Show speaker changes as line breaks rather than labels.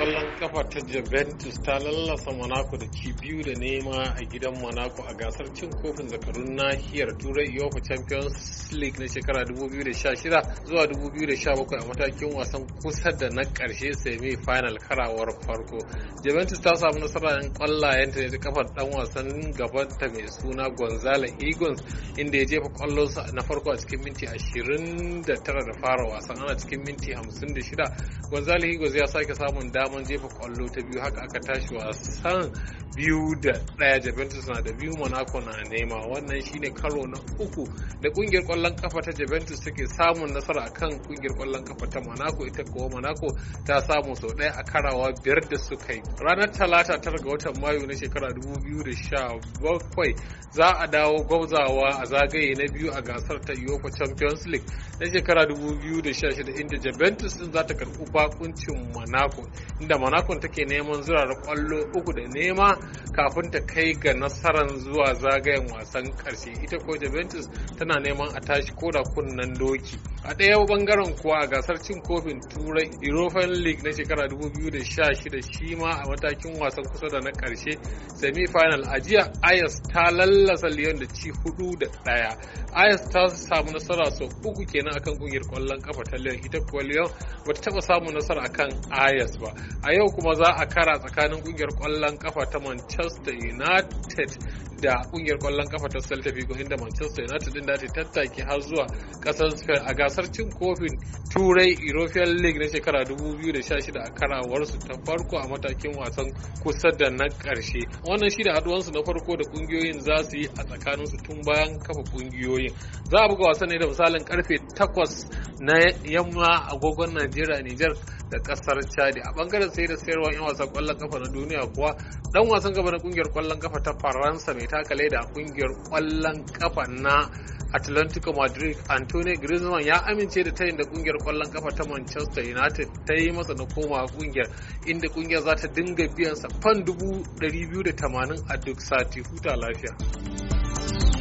kwallon kafa ta Juventus ta lallasa Monaco da ci biyu da nema a gidan Monaco a gasar cin kofin zakarun nahiyar Turai UEFA Champions League na shekara 2016 zuwa 2017 a matakin wasan kusa da na karshe semi final karawar farko. Juventus ta samu nasara yan kwallayen ta kafar dan wasan gaban ta mai suna Gonzalo Higuain inda ya jefa kwallon na farko a cikin minti 29 da fara wasan ana cikin minti 56 Gonzalo Higuain ya sake samun dama daman jefa kwallo ta biyu haka aka tashi wasan biyu da daya Juventus na da biyu Monaco na nema wannan shine karo na uku da kungiyar kwallon kafa ta Juventus take samun nasara akan kungiyar kwallon kafa ta Monaco ita kuwa Monaco ta samu sau daya a karawa biyar da suka yi ranar talata tara ga watan Mayu na shekara 2017 za a dawo gwabzawa a zagaye na biyu a gasar ta UEFA Champions League na shekara 2016 inda Juventus din za ta karɓi bakuncin Monaco inda monaco take neman zurar kwallo uku da nema kafin ta kai ga nasarar zuwa zagayen wasan karshe ita ko juventus tana neman a tashi ko da kunnen doki a ɗaya bangaren kuwa a gasar cin kofin turai european league na shekara 2016 shi ma a matakin wasan kusa da na ƙarshe semi-final a jiya ayas ta lallasa lyon da ci hudu da ɗaya ayas ta samu nasara sau uku kenan akan kungiyar ƙwallon kafa ta lyon ita kuwa lyon ba ta taɓa samun nasara akan ayas ba a yau kuma za a kara tsakanin ƙungiyar ƙwallon kafa ta manchester united da kungiyar kwallon kafa ta Celta Vigo inda Manchester United din da ta tattaki har zuwa kasar Spain a gasar cin kofin Turai European League na shekara 2016 a karawarsu ta farko a matakin wasan kusa da na karshe. Wannan shi da su na farko da kungiyoyin za su yi a tsakanin su tun bayan kafa kungiyoyin. Za a buga wasan ne da misalin karfe 8 na yamma agogon Najeriya Nijar da kasar Chadi a bangaren sai da sayarwa yan wasan kwallon kafa na duniya kuwa dan wasan gaba na kungiyar kwallon kafa ta Faransa mai takale da kungiyar kwallon kafa na Atlantico Madrid Antonio Griezmann ya amince da tayin da kungiyar kwallon kafa ta Manchester United ta yi masa na koma kungiyar inda kungiyar za ta dinga biyan sa fan 280 a duk sati huta lafiya.